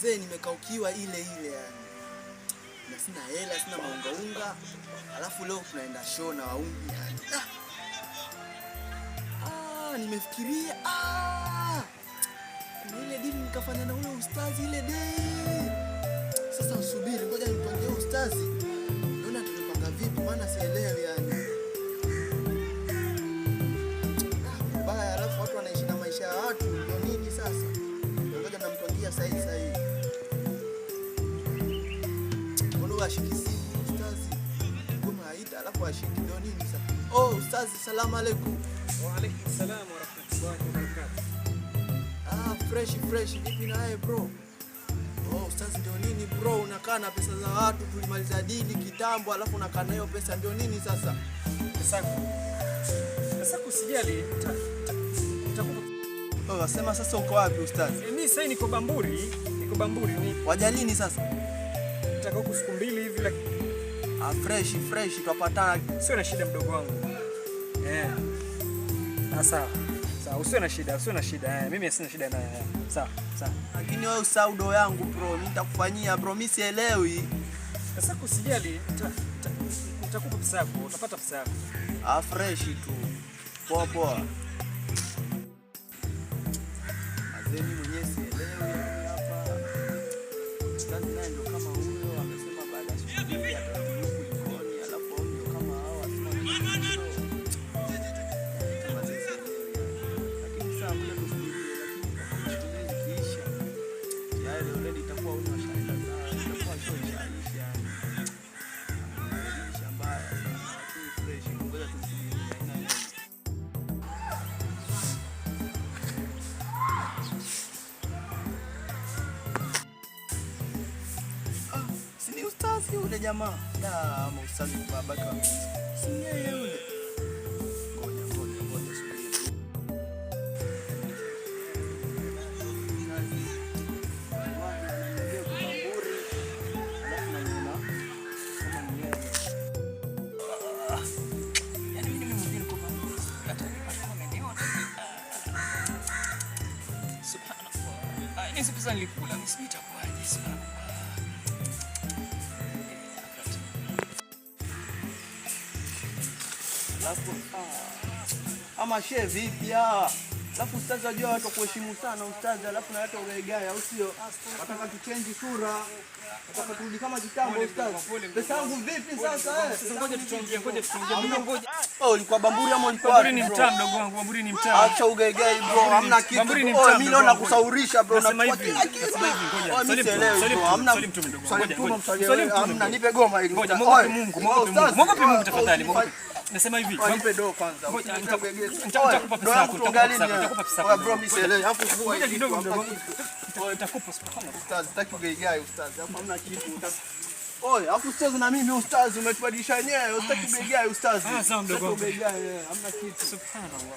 mzee, nimekaukiwa ile ile yani, na sina hela, sina maungaunga, alafu leo tunaenda show na waungi yani. Ah, ah nimefikiria ah, ile dili nikafanya na ule ustazi ile day. Sasa usubiri, ngoja nipange ustazi, naona tulipanga vipi, maana sielewi yani. Ah, mbaya, alafu watu wanaishi na maisha ya watu, ndio nini sasa? Ngoja nampangia saizi. huyu ashiki simu ustazi, ngoma haita alafu ashiki ndio nini sasa? Oh ustazi, salamu alaykum. Wa alaykum salaam wa rahmatullahi wa barakatuh. Ah, fresh fresh, vipi naye bro? Oh ustazi, ndio nini bro, unakaa na pesa za watu, tulimaliza dili kitambo, alafu unakaa nayo pesa, ndio nini sasa? Pesa sasa, kusijali Oh, sema sasa uko wapi ustazi? Eh, mimi sasa niko Bamburi, niko Bamburi. Wajalini sasa nitakao huku siku mbili hivi like... a ah, fresh fresh tupatana. Sio na shida mdogo wangu. Eh. Ah, Sasa. Sawa, usio na shida, usio na shida. Eh, mimi sina shida naye. Eh, sawa, sawa. Lakini wewe usahau do yangu bro, nitakufanyia bro, mimi sielewi. Sasa kusijali, nitakupa pesa yako, utapata pesa yako. A ah, fresh tu. Poa poa. Mazeni Safi ule jamaa. Da, mausazi babaka. Si yeye yule. Ngoja ngoja ngoja subiri. Subhanallah. Hizi pesa nilikula, mimi Alafu ah, ama she vipi ah. Alafu ustazi, wajua watu kuheshimu sana ustazi, alafu na watu ugaigai, au sio? Wataka tuchenji sura, wataka turudi kama kitambo ustazi. Pesa yangu vipi sasa Sasa eh? Oh, ulikuwa Bamburi ama ulikuwa? Bamburi ni mtaa mdogo wangu, Bamburi ni mtaa. Acha ugaigai bro, hamna kitu. Bamburi ni oh, mtaa. Mimi naona kusaurisha bro, na kwa kitu. Oh, salim, salim, hamna mtu mdogo. Salim, hamna nipe goma hili. Ngoja, Mungu, oh, Mungu, Mungu tafadhali, Mungu. Nasema hivi, nipe do kwanza. Nitakupa pesa yako, nitakupa pesa yako. Hapo kubwa kidogo Nitakupa ustaz. Hapo hamna kitu. Oi, hapo ustaz na mimi ustaz umetubadilisha wenyewe. Sitaki kuigai ustaz. Ah, Sasa mdogo. Eh, hamna kitu. Subhanallah.